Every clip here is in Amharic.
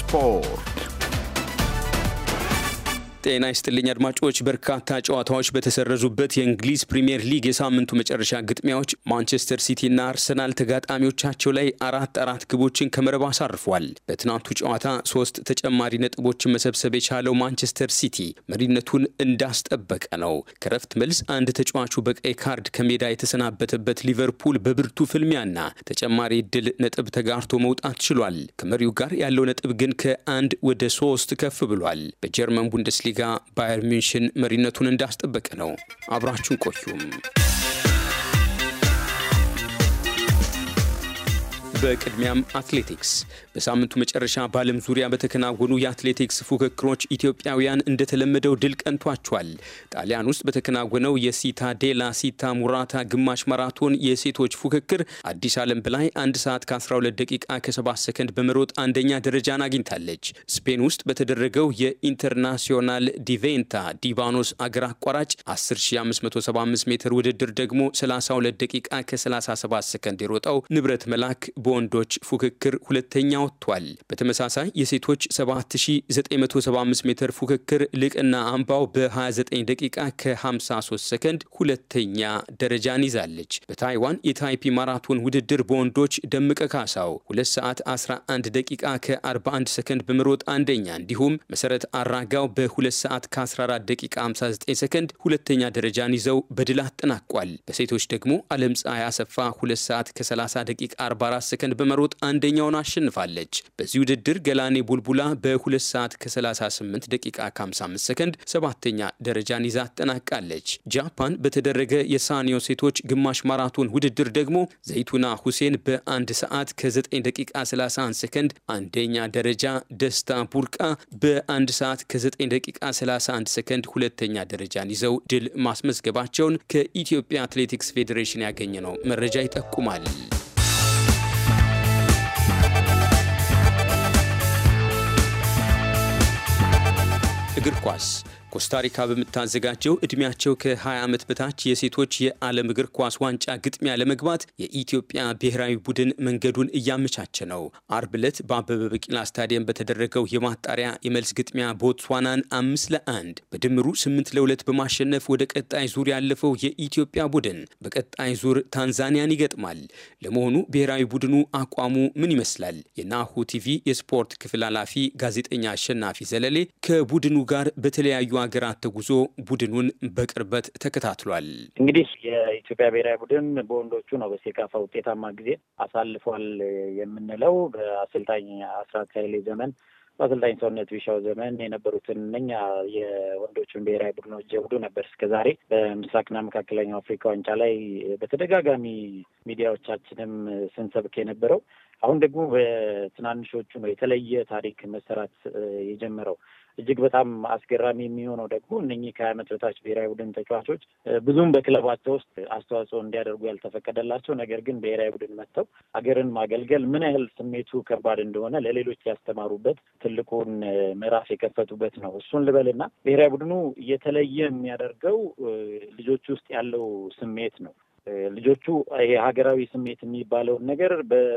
spor. ጤና ይስጥልኝ አድማጮች። በርካታ ጨዋታዎች በተሰረዙበት የእንግሊዝ ፕሪምየር ሊግ የሳምንቱ መጨረሻ ግጥሚያዎች ማንቸስተር ሲቲና አርሰናል ተጋጣሚዎቻቸው ላይ አራት አራት ግቦችን ከመረብ አሳርፏል። በትናንቱ ጨዋታ ሶስት ተጨማሪ ነጥቦችን መሰብሰብ የቻለው ማንቸስተር ሲቲ መሪነቱን እንዳስጠበቀ ነው። ከረፍት መልስ አንድ ተጫዋቹ በቀይ ካርድ ከሜዳ የተሰናበተበት ሊቨርፑል በብርቱ ፍልሚያና ተጨማሪ እድል ነጥብ ተጋርቶ መውጣት ችሏል። ከመሪው ጋር ያለው ነጥብ ግን ከአንድ ወደ ሶስት ከፍ ብሏል። በጀርመን ቡንደስሊ ቡንደስሊጋ ባየር ሚንሽን መሪነቱን እንዳስጠበቀ ነው። አብራችሁን ቆዩም። በቅድሚያም አትሌቲክስ በሳምንቱ መጨረሻ በዓለም ዙሪያ በተከናወኑ የአትሌቲክስ ፉክክሮች ኢትዮጵያውያን እንደተለመደው ድል ቀንቷቸዋል። ጣሊያን ውስጥ በተከናወነው የሲታ ዴላ ሲታ ሙራታ ግማሽ ማራቶን የሴቶች ፉክክር አዲስ ዓለም በላይ 1 ሰዓት ከ12 ደቂቃ ከ7 ሰከንድ በመሮጥ አንደኛ ደረጃን አግኝታለች። ስፔን ውስጥ በተደረገው የኢንተርናሲዮናል ዲቬንታ ዲቫኖስ አገር አቋራጭ 10575 ሜትር ውድድር ደግሞ 32 ደቂቃ ከ37 ሰከንድ የሮጠው ንብረት መላክ በወንዶች ፉክክር ሁለተኛ ወጥቷል። በተመሳሳይ የሴቶች 7975 ሜትር ፉክክር ልቅና አምባው በ29 ደቂቃ ከ53 ሰከንድ ሁለተኛ ደረጃን ይዛለች። በታይዋን የታይፒ ማራቶን ውድድር በወንዶች ደምቀ ካሳው 2 ሰዓት 11 ደቂቃ ከ41 ሰከንድ በመሮጥ አንደኛ፣ እንዲሁም መሰረት አራጋው በ2 ሰዓት ከ14 ደቂቃ 59 ሰከንድ ሁለተኛ ደረጃን ይዘው በድል አጠናቋል። በሴቶች ደግሞ አለም ፀሐይ አሰፋ 2 ሰዓት ከ30 ደቂቃ 44 ሰከንድ በመሮጥ አንደኛውን አሸንፋለች። በዚህ ውድድር ገላኔ ቡልቡላ በ2 ሰዓት ከ38 ደቂቃ ከ55 ሰከንድ ሰባተኛ ደረጃን ይዛ አጠናቃለች። ጃፓን በተደረገ የሳኒዮ ሴቶች ግማሽ ማራቶን ውድድር ደግሞ ዘይቱና ሁሴን በ1 ሰዓት ከ9 ደቂቃ 31 ሰከንድ አንደኛ ደረጃ፣ ደስታ ቡርቃ በ1 ሰዓት ከ9 ደቂቃ 31 ሰከንድ ሁለተኛ ደረጃን ይዘው ድል ማስመዝገባቸውን ከኢትዮጵያ አትሌቲክስ ፌዴሬሽን ያገኘ ነው መረጃ ይጠቁማል። እግር ኳስ ኮስታሪካ በምታዘጋጀው እድሜያቸው ከ20 ዓመት በታች የሴቶች የዓለም እግር ኳስ ዋንጫ ግጥሚያ ለመግባት የኢትዮጵያ ብሔራዊ ቡድን መንገዱን እያመቻቸ ነው። አርብ ዕለት በአበበ ቢቂላ ስታዲየም በተደረገው የማጣሪያ የመልስ ግጥሚያ ቦትስዋናን አምስት ለአንድ በድምሩ ስምንት ለሁለት በማሸነፍ ወደ ቀጣይ ዙር ያለፈው የኢትዮጵያ ቡድን በቀጣይ ዙር ታንዛኒያን ይገጥማል። ለመሆኑ ብሔራዊ ቡድኑ አቋሙ ምን ይመስላል? የናሁ ቲቪ የስፖርት ክፍል ኃላፊ ጋዜጠኛ አሸናፊ ዘለሌ ከቡድኑ ጋር በተለያዩ ሀገራት ተጉዞ ቡድኑን በቅርበት ተከታትሏል። እንግዲህ የኢትዮጵያ ብሔራዊ ቡድን በወንዶቹ ነው በሴካፋ ውጤታማ ጊዜ አሳልፏል የምንለው በአሰልጣኝ አስራት ኃይሌ ዘመን በአሰልጣኝ ሰውነት ቢሻው ዘመን የነበሩትን እነኛ የወንዶቹን ብሔራዊ ቡድኖች ጀብዱ ነበር። እስከዛሬ በምስራቅና መካከለኛው አፍሪካ ዋንጫ ላይ በተደጋጋሚ ሚዲያዎቻችንም ስንሰብክ የነበረው አሁን ደግሞ በትናንሾቹ ነው የተለየ ታሪክ መሰራት የጀመረው። እጅግ በጣም አስገራሚ የሚሆነው ደግሞ እነኚህ ከሀያ ዓመት በታች ብሔራዊ ቡድን ተጫዋቾች ብዙም በክለባቸው ውስጥ አስተዋጽኦ እንዲያደርጉ ያልተፈቀደላቸው፣ ነገር ግን ብሔራዊ ቡድን መጥተው ሀገርን ማገልገል ምን ያህል ስሜቱ ከባድ እንደሆነ ለሌሎች ያስተማሩበት ትልቁን ምዕራፍ የከፈቱበት ነው። እሱን ልበልና ብሔራዊ ቡድኑ የተለየ የሚያደርገው ልጆች ውስጥ ያለው ስሜት ነው። ልጆቹ የሀገራዊ ስሜት የሚባለውን ነገር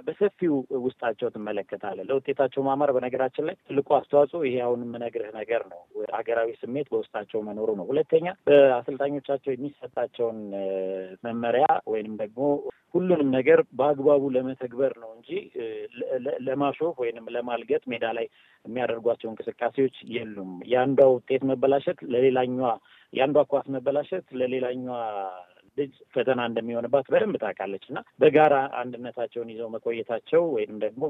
በሰፊው ውስጣቸው ትመለከታለህ። ለውጤታቸው ማማር በነገራችን ላይ ትልቁ አስተዋጽኦ ይሄ አሁን የምነግርህ ነገር ነው። ሀገራዊ ስሜት በውስጣቸው መኖሩ ነው። ሁለተኛ በአሰልጣኞቻቸው የሚሰጣቸውን መመሪያ ወይንም ደግሞ ሁሉንም ነገር በአግባቡ ለመተግበር ነው እንጂ ለማሾፍ ወይንም ለማልገጥ ሜዳ ላይ የሚያደርጓቸው እንቅስቃሴዎች የሉም። የአንዷ ውጤት መበላሸት ለሌላኛዋ የአንዷ ኳስ መበላሸት ለሌላኛዋ ልጅ ፈተና እንደሚሆንባት በደንብ ታውቃለች እና በጋራ አንድነታቸውን ይዘው መቆየታቸው ወይም ደግሞ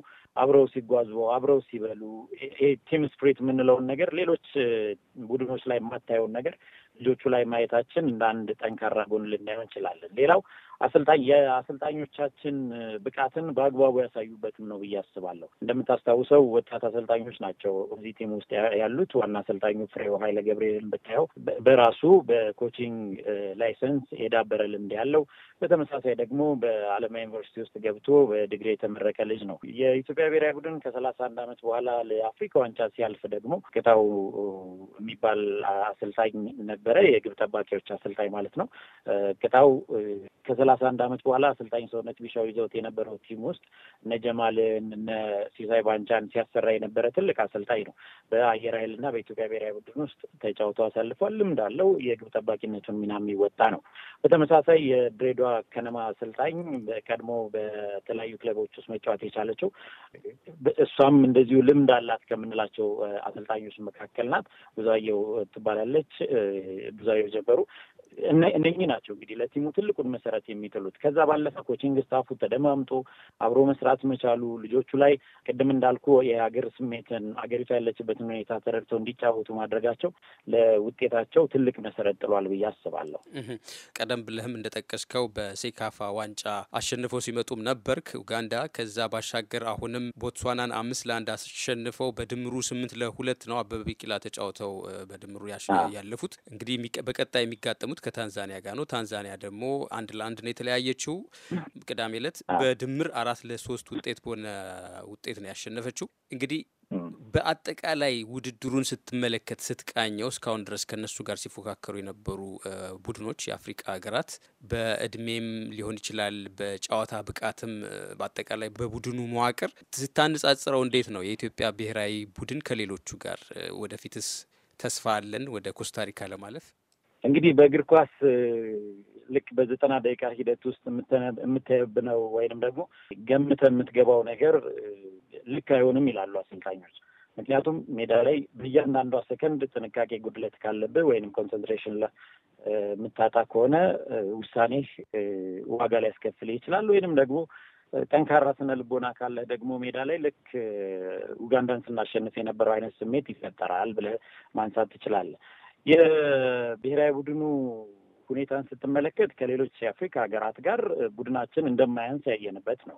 አብረው ሲጓዙ፣ አብረው ሲበሉ ይሄ ቲም ስፕሪት የምንለውን ነገር ሌሎች ቡድኖች ላይ የማታየውን ነገር ልጆቹ ላይ ማየታችን እንደ አንድ ጠንካራ ጎን ልናየው እንችላለን። ሌላው አሰልጣኝ የአሰልጣኞቻችን ብቃትን በአግባቡ ያሳዩበትም ነው ብዬ አስባለሁ። እንደምታስታውሰው ወጣት አሰልጣኞች ናቸው እዚህ ቲም ውስጥ ያሉት። ዋና አሰልጣኙ ፍሬው ኃይለ ገብርኤልን ብታየው በራሱ በኮቺንግ ላይሰንስ የዳበረ ልምድ ያለው፣ በተመሳሳይ ደግሞ በአለማ ዩኒቨርሲቲ ውስጥ ገብቶ በድግሪ የተመረቀ ልጅ ነው። የኢትዮጵያ ብሔራዊ ቡድን ከሰላሳ አንድ አመት በኋላ ለአፍሪካ ዋንጫ ሲያልፍ ደግሞ ቅታው የሚባል አሰልጣኝ ነበር። የነበረ የግብ ጠባቂዎች አሰልጣኝ ማለት ነው። ቅጣው ከሰላሳ አንድ ዓመት በኋላ አሰልጣኝ ሰውነት ቢሻው ይዘውት የነበረው ቲም ውስጥ እነ ጀማልን እነ ሲሳይ ባንቻን ሲያሰራ የነበረ ትልቅ አሰልጣኝ ነው። በአየር ኃይል እና በኢትዮጵያ ብሔራዊ ቡድን ውስጥ ተጫውቶ አሳልፏል። ልምድ አለው። የግብ ጠባቂነቱን ሚና የሚወጣ ነው። በተመሳሳይ የድሬዳዋ ከነማ አሰልጣኝ ቀድሞ በተለያዩ ክለቦች ውስጥ መጫወት የቻለችው እሷም እንደዚሁ ልምድ አላት ከምንላቸው አሰልጣኞች መካከል ናት። ብዙየው ትባላለች። ብዙየው ጀበሩ እነኚህ ናቸው እንግዲህ ለቲሙ ትልቁን መሰረት የሚጥሉት። ከዛ ባለፈ ኮቺንግ ስታፉ ተደማምጦ አብሮ መስራት መቻሉ ልጆቹ ላይ ቅድም እንዳልኩ የሀገር ስሜትን አገሪቷ ያለችበትን ሁኔታ ተረድተው እንዲጫወቱ ማድረጋቸው ለውጤታቸው ትልቅ መሰረት ጥሏል ብዬ አስባለሁ። ቀደም ብለህም እንደጠቀስከው በሴካፋ ዋንጫ አሸንፈው ሲመጡም ነበርክ ኡጋንዳ። ከዛ ባሻገር አሁንም ቦትስዋናን አምስት ለአንድ አሸንፈው በድምሩ ስምንት ለሁለት ነው አበበ ቢቂላ ተጫውተው በድምሩ ያለፉት እንግዲህ በቀጣይ የሚጋጠሙት ከታንዛኒያ ጋር ነው። ታንዛኒያ ደግሞ አንድ ለአንድ ነው የተለያየችው ቅዳሜ ዕለት በድምር አራት ለሶስት ውጤት በሆነ ውጤት ነው ያሸነፈችው። እንግዲህ በአጠቃላይ ውድድሩን ስትመለከት ስትቃኘው እስካሁን ድረስ ከነሱ ጋር ሲፎካከሩ የነበሩ ቡድኖች የአፍሪቃ ሀገራት በእድሜም ሊሆን ይችላል፣ በጨዋታ ብቃትም፣ በአጠቃላይ በቡድኑ መዋቅር ስታነጻጽረው እንዴት ነው የኢትዮጵያ ብሔራዊ ቡድን ከሌሎቹ ጋር? ወደፊትስ ተስፋ አለን ወደ ኮስታሪካ ለማለፍ? እንግዲህ በእግር ኳስ ልክ በዘጠና ደቂቃ ሂደት ውስጥ ነው ወይንም ደግሞ ገምተ የምትገባው ነገር ልክ አይሆንም ይላሉ አሰልጣኞች። ምክንያቱም ሜዳ ላይ በእያንዳንዷ ሰከንድ ጥንቃቄ ጉድለት ካለብህ ወይንም ኮንሰንትሬሽን የምታጣ ከሆነ ውሳኔህ ዋጋ ሊያስከፍል ይችላል። ወይንም ደግሞ ጠንካራ ስነ ልቦና ካለ ደግሞ ሜዳ ላይ ልክ ኡጋንዳን ስናሸንፍ የነበረው አይነት ስሜት ይፈጠራል ብለህ ማንሳት ትችላለህ። የብሔራዊ ቡድኑ ሁኔታን ስትመለከት ከሌሎች የአፍሪካ ሀገራት ጋር ቡድናችን እንደማያንስ ያየንበት ነው።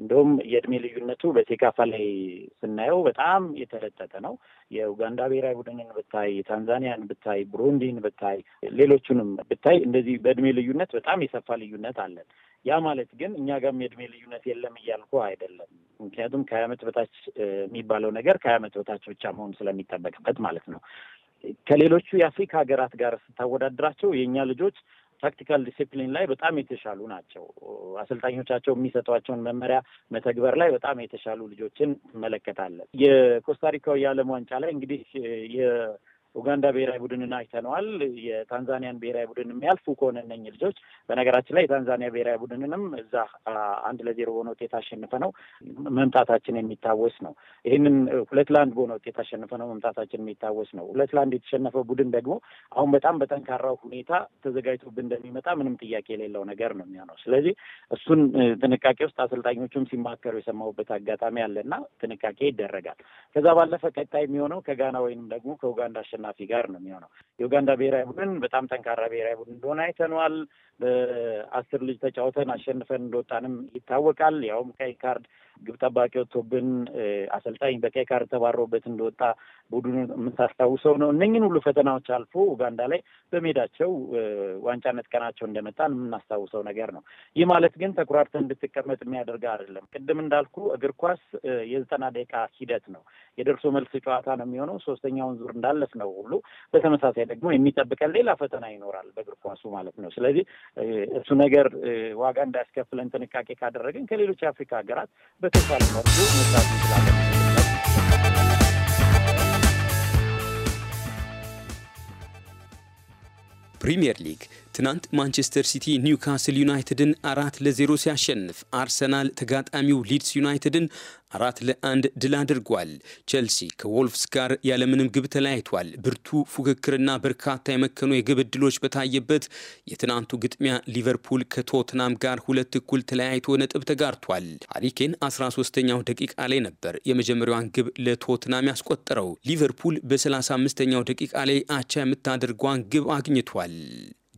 እንደውም የእድሜ ልዩነቱ በሴካፋ ላይ ስናየው በጣም የተለጠጠ ነው። የኡጋንዳ ብሔራዊ ቡድንን ብታይ፣ ታንዛኒያን ብታይ፣ ብሩንዲን ብታይ፣ ሌሎቹንም ብታይ እንደዚህ በእድሜ ልዩነት በጣም የሰፋ ልዩነት አለን። ያ ማለት ግን እኛ ጋርም የእድሜ ልዩነት የለም እያልኩ አይደለም። ምክንያቱም ከሀያ ዓመት በታች የሚባለው ነገር ከሀያ ዓመት በታች ብቻ መሆን ስለሚጠበቅበት ማለት ነው። ከሌሎቹ የአፍሪካ ሀገራት ጋር ስታወዳድራቸው የእኛ ልጆች ታክቲካል ዲሲፕሊን ላይ በጣም የተሻሉ ናቸው። አሰልጣኞቻቸው የሚሰጧቸውን መመሪያ መተግበር ላይ በጣም የተሻሉ ልጆችን እንመለከታለን። የኮስታሪካው የዓለም ዋንጫ ላይ እንግዲህ ኡጋንዳ ብሔራዊ ቡድንን አይተነዋል። የታንዛኒያን ብሔራዊ ቡድን የሚያልፉ ከሆነ እነኝ ልጆች በነገራችን ላይ የታንዛኒያ ብሔራዊ ቡድንንም እዛ አንድ ለዜሮ በሆነ ውጤት አሸንፈ ነው መምጣታችን የሚታወስ ነው። ይህንን ሁለት ለአንድ በሆነ ውጤት አሸንፈ ነው መምጣታችን የሚታወስ ነው። ሁለት ለአንድ የተሸነፈው ቡድን ደግሞ አሁን በጣም በጠንካራው ሁኔታ ተዘጋጅቶብን እንደሚመጣ ምንም ጥያቄ የሌለው ነገር ነው የሚሆነው። ስለዚህ እሱን ጥንቃቄ ውስጥ አሰልጣኞቹም ሲማከሩ የሰማሁበት አጋጣሚ አለና ጥንቃቄ ይደረጋል። ከዛ ባለፈ ቀጣይ የሚሆነው ከጋና ወይንም ደግሞ ከኡጋንዳ አሸናፊ ጋር ነው የሚሆነው። የኡጋንዳ ብሔራዊ ቡድን በጣም ጠንካራ ብሔራዊ ቡድን እንደሆነ አይተነዋል። በአስር ልጅ ተጫውተን አሸንፈን እንደወጣንም ይታወቃል። ያውም ቀይ ካርድ ግብ ጠባቂ ወጥቶብን አሰልጣኝ በቀይ ካርድ ተባሮበት እንደወጣ ቡድኑ የምታስታውሰው ነው። እነኝን ሁሉ ፈተናዎች አልፎ ኡጋንዳ ላይ በሜዳቸው ዋንጫነት ቀናቸው እንደመጣን የምናስታውሰው ነገር ነው። ይህ ማለት ግን ተኩራርተን እንድትቀመጥ የሚያደርግ አይደለም። ቅድም እንዳልኩ እግር ኳስ የዘጠና ደቂቃ ሂደት ነው። የደርሶ መልስ ጨዋታ ነው የሚሆነው። ሶስተኛውን ዙር እንዳለፍ ነው ሁሉ በተመሳሳይ ደግሞ የሚጠብቀን ሌላ ፈተና ይኖራል በእግር ኳሱ ማለት ነው። ስለዚህ እሱ ነገር ዋጋ እንዳያስከፍለን ጥንቃቄ ካደረግን ከሌሎች የአፍሪካ ሀገራት በተሻለ መልኩ መስራት እንችላለን። ፕሪምየር ሊግ ትናንት ማንቸስተር ሲቲ ኒውካስል ዩናይትድን አራት ለዜሮ ሲያሸንፍ አርሰናል ተጋጣሚው ሊድስ ዩናይትድን አራት ለአንድ ድል አድርጓል። ቼልሲ ከዎልፍስ ጋር ያለምንም ግብ ተለያይቷል። ብርቱ ፉክክርና በርካታ የመከኑ የግብ ዕድሎች በታየበት የትናንቱ ግጥሚያ ሊቨርፑል ከቶትናም ጋር ሁለት እኩል ተለያይቶ ነጥብ ተጋርቷል። ሀሪኬን 13ኛው ደቂቃ ላይ ነበር የመጀመሪያዋን ግብ ለቶትናም ያስቆጠረው። ሊቨርፑል በ35ኛው ደቂቃ ላይ አቻ የምታደርጓን ግብ አግኝቷል።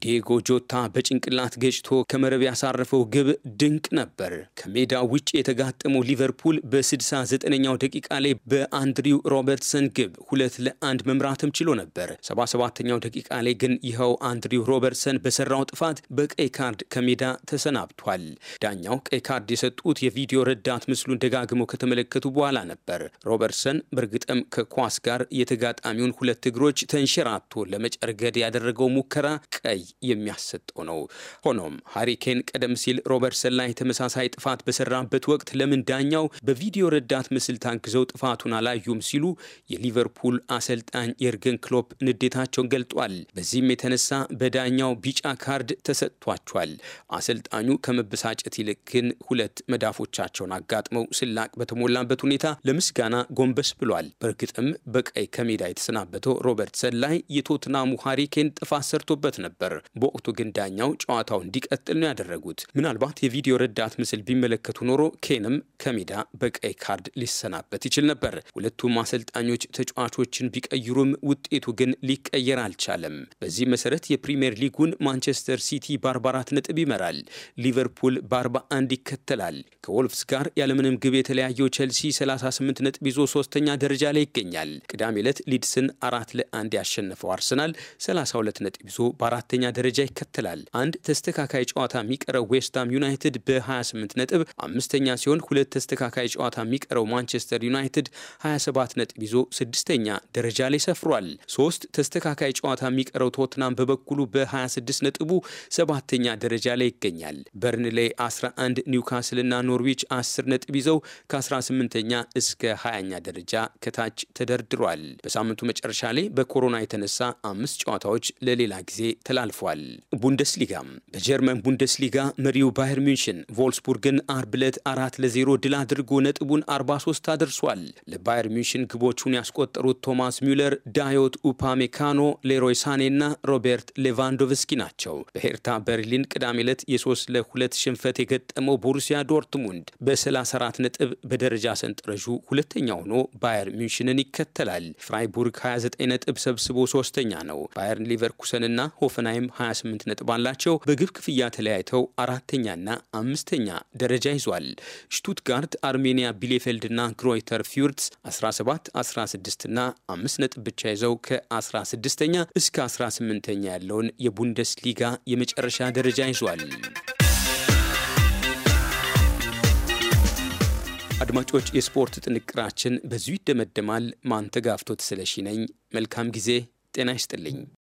ዲዬጎ ጆታ በጭንቅላት ገጭቶ ከመረብ ያሳረፈው ግብ ድንቅ ነበር። ከሜዳ ውጭ የተጋጠመው ሊቨርፑል በ69ኛው ደቂቃ ላይ በአንድሪው ሮበርትሰን ግብ ሁለት ለአንድ መምራትም ችሎ ነበር። 77ኛው ደቂቃ ላይ ግን ይኸው አንድሪው ሮበርትሰን በሰራው ጥፋት በቀይ ካርድ ከሜዳ ተሰናብቷል። ዳኛው ቀይ ካርድ የሰጡት የቪዲዮ ረዳት ምስሉን ደጋግመው ከተመለከቱ በኋላ ነበር። ሮበርትሰን በእርግጥም ከኳስ ጋር የተጋጣሚውን ሁለት እግሮች ተንሸራቶ ለመጨርገድ ያደረገው ሙከራ ቀይ የሚያሰጠው ነው። ሆኖም ሀሪኬን ቀደም ሲል ሮበርትሰን ላይ ተመሳሳይ ጥፋት በሰራበት ወቅት ለምን ዳኛው በቪዲዮ ረዳት ምስል ታግዘው ጥፋቱን አላዩም ሲሉ የሊቨርፑል አሰልጣኝ የርገን ክሎፕ ንዴታቸውን ገልጧል። በዚህም የተነሳ በዳኛው ቢጫ ካርድ ተሰጥቷቸዋል። አሰልጣኙ ከመበሳጨት ይልቅ ግን ሁለት መዳፎቻቸውን አጋጥመው ስላቅ በተሞላበት ሁኔታ ለምስጋና ጎንበስ ብሏል። በእርግጥም በቀይ ከሜዳ የተሰናበተው ሮበርትሰን ላይ የቶትናሙ ሀሪኬን ጥፋት ሰርቶበት ነበር። በወቅቱ ግን ዳኛው ጨዋታው እንዲቀጥል ነው ያደረጉት። ምናልባት የቪዲዮ ረዳት ምስል ቢመለከቱ ኖሮ ኬንም ከሜዳ በቀይ ካርድ ሊሰናበት ይችል ነበር። ሁለቱም አሰልጣኞች ተጫዋቾችን ቢቀይሩም ውጤቱ ግን ሊቀየር አልቻለም። በዚህ መሰረት የፕሪምየር ሊጉን ማንቸስተር ሲቲ በ44 ነጥብ ይመራል። ሊቨርፑል በ41 ይከተላል። ከወልፍስ ጋር ያለምንም ግብ የተለያየው ቼልሲ 38 ነጥብ ይዞ ሶስተኛ ደረጃ ላይ ይገኛል። ቅዳሜ ዕለት ሊድስን አራት ለአንድ ያሸነፈው አርሰናል 32 ነጥብ ይዞ በአራተኛ ደረጃ ይከተላል። አንድ ተስተካካይ ጨዋታ የሚቀረው ዌስትሃም ዩናይትድ በ28 ነጥብ አምስተኛ ሲሆን ሁለት ተስተካካይ ጨዋታ የሚቀረው ማንቸስተር ዩናይትድ 27 ነጥብ ይዞ ስድስተኛ ደረጃ ላይ ሰፍሯል። ሶስት ተስተካካይ ጨዋታ የሚቀረው ቶትናም በበኩሉ በ26 ነጥቡ ሰባተኛ ደረጃ ላይ ይገኛል። በርንሌ 11፣ ኒውካስል እና ኖርዊች 10 ነጥብ ይዘው ከ18ኛ እስከ 20ኛ ደረጃ ከታች ተደርድሯል። በሳምንቱ መጨረሻ ላይ በኮሮና የተነሳ አምስት ጨዋታዎች ለሌላ ጊዜ ተላልፏል። አልፏል። ቡንደስሊጋ በጀርመን ቡንደስሊጋ መሪው ባየር ሚንሽን ቮልስቡርግን አርብ ዕለት አራት ለዜሮ ድል አድርጎ ነጥቡን 43 አድርሷል። ለባየር ሚንሽን ግቦቹን ያስቆጠሩት ቶማስ ሚለር፣ ዳዮት ኡፓሜካኖ፣ ሌሮይ ሳኔ እና ሮቤርት ሌቫንዶቭስኪ ናቸው። በሄርታ በርሊን ቅዳሜ ዕለት የ3 ለ2 ሽንፈት የገጠመው ቦሩሲያ ዶርትሙንድ በ34 ነጥብ በደረጃ ሰንጠረዡ ሁለተኛ ሆኖ ባየር ሚንሽንን ይከተላል። ፍራይቡርግ 29 ነጥብ ሰብስቦ ሶስተኛ ነው። ባየርን ሊቨርኩሰንና ሆፈናይም በዓለም 28 ነጥብ አላቸው። በግብ ክፍያ ተለያይተው አራተኛና አምስተኛ ደረጃ ይዟል። ሽቱትጋርት፣ አርሜኒያ እና ግሮይተር ፊውርትስ 17፣ 16ና 5 ነጥብ ብቻ ይዘው ከ16ኛ እስከ 18ኛ ያለውን የቡንደስሊጋ የመጨረሻ ደረጃ ይዟል። አድማጮች፣ የስፖርት ጥንቅራችን በዚሁ ይደመደማል። ማንተጋፍቶት ስለሺ ነኝ። መልካም ጊዜ። ጤና ይስጥልኝ።